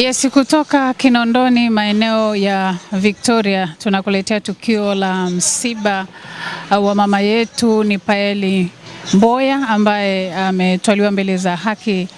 Yes, kutoka Kinondoni maeneo ya Victoria tunakuletea tukio la msiba wa mama yetu ni Paeli Mboya ambaye ametwaliwa mbele za haki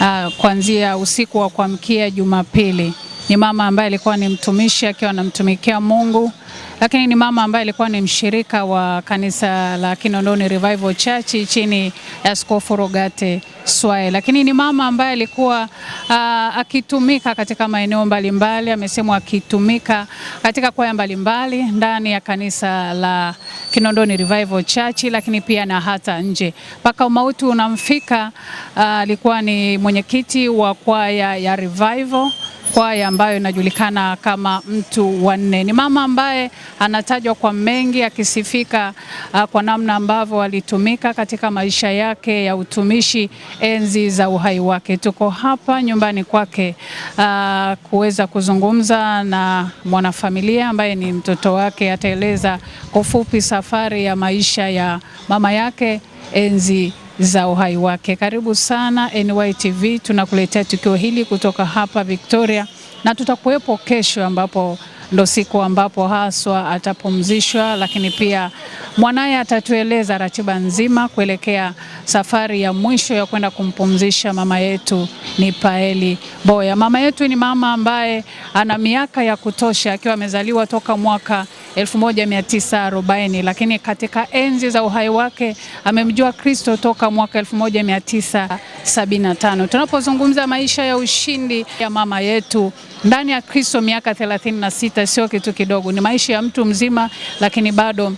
uh, kuanzia usiku wa kuamkia Jumapili. Ni mama ambaye alikuwa ni mtumishi akiwa anamtumikia Mungu, lakini ni mama ambaye alikuwa ni mshirika wa kanisa la Kinondoni Revival Church chini ya Askofu Rogate swae lakini ni mama ambaye alikuwa uh, akitumika katika maeneo mbalimbali, amesemwa akitumika katika kwaya mbalimbali ndani ya kanisa la Kinondoni Revival Church, lakini pia na hata nje mpaka mauti unamfika. Uh, alikuwa uh, ni mwenyekiti wa kwaya ya Revival kwaya ambayo inajulikana kama Mtu wa Nne. Ni mama ambaye anatajwa kwa mengi, akisifika ah, kwa namna ambavyo alitumika katika maisha yake ya utumishi enzi za uhai wake. Tuko hapa nyumbani kwake ah, kuweza kuzungumza na mwanafamilia ambaye ni mtoto wake. Ataeleza kufupi safari ya maisha ya mama yake enzi za uhai wake. Karibu sana NYTV, tunakuletea tukio hili kutoka hapa Victoria na tutakuwepo kesho, ambapo ndo siku ambapo haswa atapumzishwa, lakini pia mwanaye atatueleza ratiba nzima kuelekea safari ya mwisho ya kwenda kumpumzisha mama yetu ni Paeli boya Mama yetu ni mama ambaye ana miaka ya kutosha, akiwa amezaliwa toka mwaka 1940, lakini katika enzi za uhai wake amemjua Kristo toka mwaka 1975. Tunapozungumza maisha ya ushindi ya mama yetu ndani ya Kristo, miaka 36 sio kitu kidogo, ni maisha ya mtu mzima, lakini bado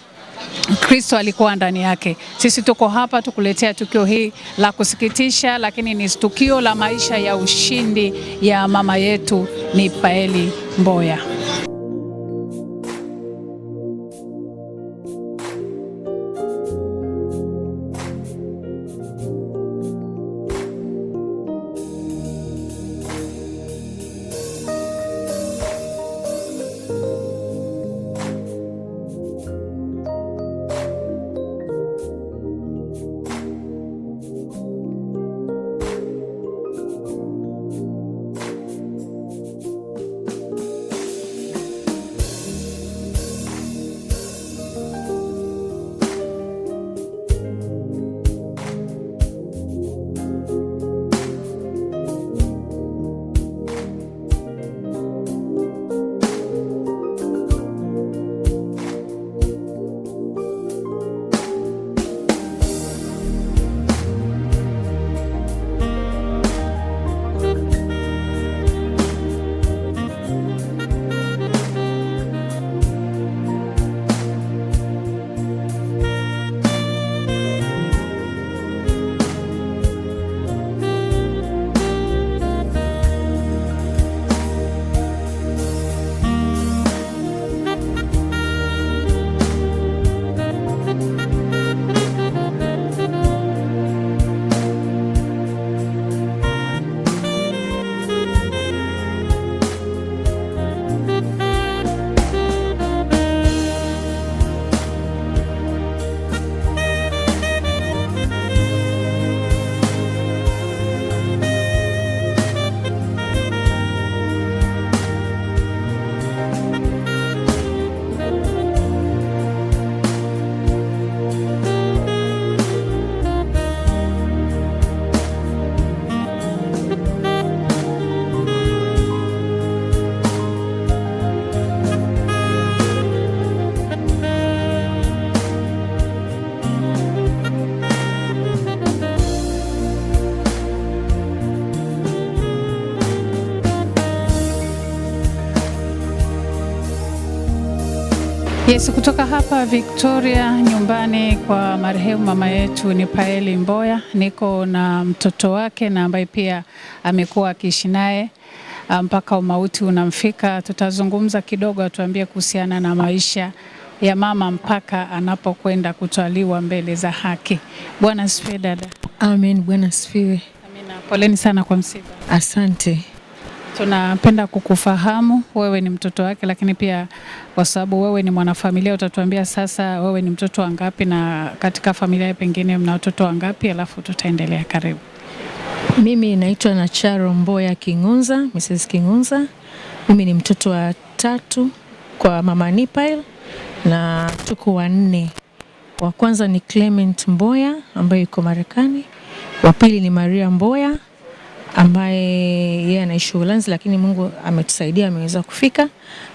Kristo alikuwa ndani yake. Sisi tuko hapa tukuletea tukio hii la kusikitisha, lakini ni tukio la maisha ya ushindi ya mama yetu ni Paeli Mboya. Yes, kutoka hapa Victoria nyumbani kwa marehemu mama yetu ni Paeli Mboya. Niko na mtoto wake na ambaye pia amekuwa akiishi naye ah, mpaka umauti unamfika. Tutazungumza kidogo, atuambie kuhusiana na maisha ya mama mpaka anapokwenda kutwaliwa mbele za haki. Bwana asifiwe dada. Amen, bwana asifiwe. Amina. Poleni sana kwa msiba. Asante. Tunapenda kukufahamu wewe ni mtoto wake, lakini pia kwa sababu wewe ni mwanafamilia, utatuambia sasa wewe ni mtoto wangapi na katika familia pengine mna watoto wangapi, alafu tutaendelea. Karibu. Mimi naitwa Nacharo Mboya Kingunza, Mrs. Kingunza. Mimi ni mtoto wa tatu kwa mama Nipile na tuko wanne. Wa kwanza ni Clement Mboya ambaye yuko Marekani, wa pili ni Maria Mboya ambaye yeye anaishi Uholanzi, lakini Mungu ametusaidia ameweza kufika.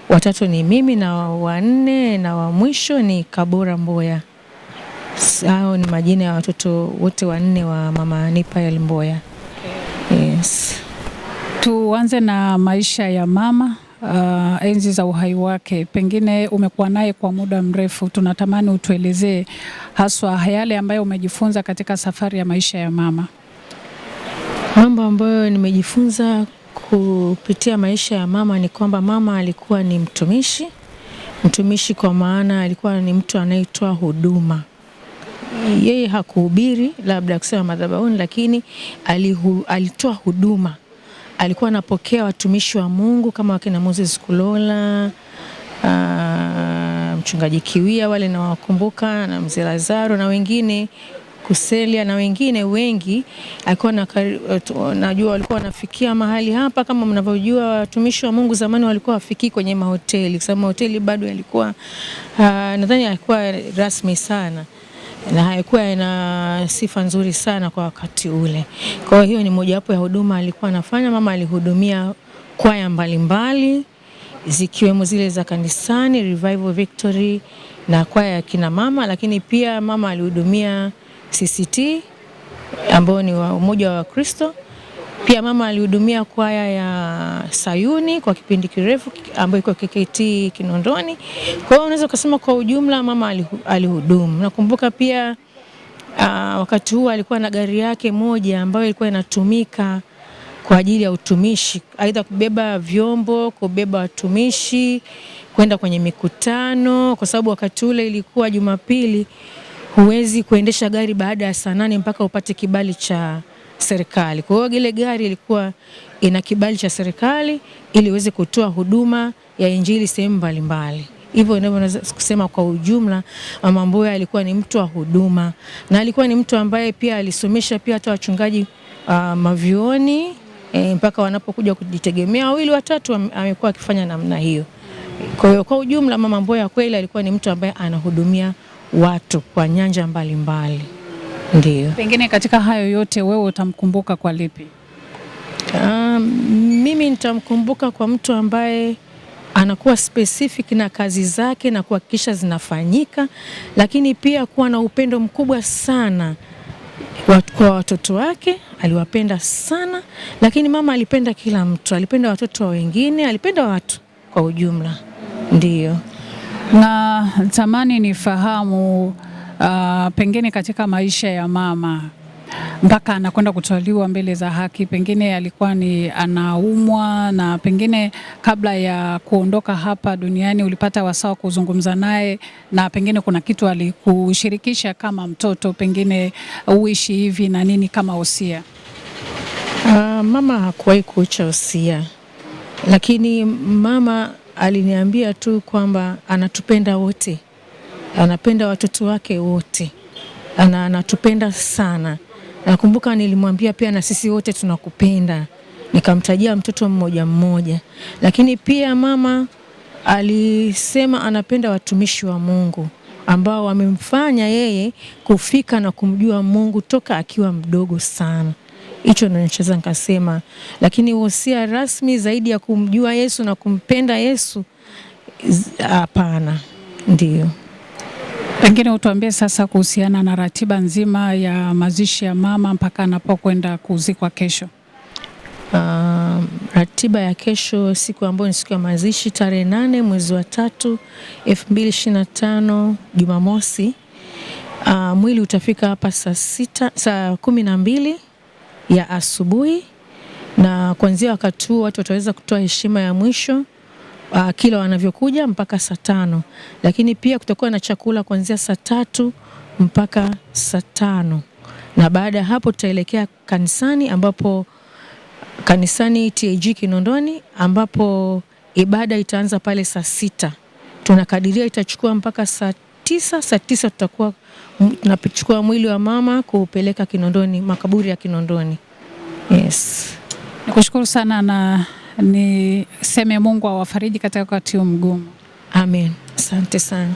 Watatu ni mimi na wanne na wa mwisho ni Kabora Mboya. Hao ni majina ya watoto wote wanne wa mama Nipael Mboya. Yes. Tuanze na maisha ya mama uh, enzi za uhai wake. Pengine umekuwa naye kwa muda mrefu, tunatamani utuelezee haswa yale ambayo umejifunza katika safari ya maisha ya mama. Mambo ambayo nimejifunza kupitia maisha ya mama ni kwamba mama alikuwa ni mtumishi, mtumishi kwa maana alikuwa ni mtu anayetoa huduma. Yeye hakuhubiri labda kusema madhabahuni, lakini alihu, alitoa huduma. Alikuwa anapokea watumishi wa Mungu kama wakina Moses Kulola, ah, mchungaji Kiwia wale nawakumbuka, na mzee Lazaro na wengine Kuselia na wengine wengi alikuwa na, najua walikuwa wanafikia mahali hapa. Kama mnavyojua watumishi wa Mungu zamani walikuwa wafikii kwenye mahoteli, kwa sababu mahoteli bado yalikuwa ah, nadhani yalikuwa rasmi sana na haikuwa ina sifa nzuri sana kwa wakati ule. Kwa hiyo ni mojawapo ya huduma alikuwa anafanya mama. Alihudumia kwaya mbalimbali zikiwemo zile za kanisani Revival Victory na kwaya ya kina mama, lakini pia mama alihudumia CCT ambao ni wa umoja wa Wakristo. Pia mama alihudumia kwaya ya Sayuni kwa kipindi kirefu ambayo iko KKT Kinondoni. Kwa hiyo unaweza ukasema kwa ujumla mama alihudumu. Nakumbuka pia uh, wakati huo alikuwa na gari yake moja ambayo ilikuwa inatumika kwa ajili ya utumishi, aidha kubeba vyombo, kubeba watumishi kwenda kwenye mikutano, kwa sababu wakati ule ilikuwa Jumapili huwezi kuendesha gari baada ya saa nane mpaka upate kibali cha serikali. Kwa hiyo ile gari ilikuwa ina kibali cha serikali ili iweze kutoa huduma ya Injili sehemu mbalimbali. Hivyo ndivyo naweza kusema kwa ujumla, Mama Mboya alikuwa ni mtu wa huduma na alikuwa ni mtu ambaye pia alisomesha pia hata wachungaji uh, ah, mavioni e, eh, mpaka wanapokuja kujitegemea wawili watatu amekuwa akifanya namna hiyo. Kwa hiyo kwa ujumla, Mama Mboya kweli alikuwa ni mtu ambaye anahudumia watu kwa nyanja mbalimbali ndio. Pengine katika hayo yote wewe utamkumbuka kwa lipi? Um, mimi nitamkumbuka kwa mtu ambaye anakuwa specific na kazi zake na kuhakikisha zinafanyika, lakini pia kuwa na upendo mkubwa sana kwa watoto wake. Aliwapenda sana, lakini mama alipenda kila mtu, alipenda watoto wengine, alipenda watu kwa ujumla, ndio na tamani nifahamu uh, pengine katika maisha ya mama mpaka anakwenda kutwaliwa mbele za haki, pengine alikuwa ni anaumwa, na pengine kabla ya kuondoka hapa duniani ulipata wasaa kuzungumza naye, na pengine kuna kitu alikushirikisha kama mtoto, pengine uishi hivi na nini kama hosia? Uh, mama hakuwahi kuacha hosia, lakini mama aliniambia tu kwamba anatupenda wote, anapenda watoto wake wote, ana anatupenda sana. Nakumbuka nilimwambia pia na sisi wote tunakupenda, nikamtajia mtoto mmoja mmoja. Lakini pia mama alisema anapenda watumishi wa Mungu ambao wamemfanya yeye kufika na kumjua Mungu toka akiwa mdogo sana hicho nachoweza nikasema, lakini wosia rasmi zaidi ya kumjua Yesu na kumpenda Yesu, hapana. Ndio pengine utuambie sasa kuhusiana na ratiba nzima ya mazishi ya mama mpaka anapokwenda kuzikwa kesho. Uh, ratiba ya kesho, siku ambayo ni siku ya mazishi, tarehe nane mwezi wa tatu elfu mbili ishirini na tano Jumamosi. Uh, mwili utafika hapa saa sita saa kumi na mbili ya asubuhi, na kuanzia wakati huu watu wataweza kutoa heshima ya mwisho uh, kila wanavyokuja mpaka saa tano, lakini pia kutakuwa na chakula kuanzia saa tatu mpaka saa tano na baada ya hapo tutaelekea kanisani ambapo kanisani TAG Kinondoni ambapo ibada itaanza pale saa sita. Tunakadiria itachukua mpaka saa tisa, saa tisa tutakuwa tunachukua mwili wa mama kuupeleka Kinondoni, makaburi ya Kinondoni. Yes. Nikushukuru sana na niseme Mungu awafariji katika wakati huu mgumu. Amen. Asante sana.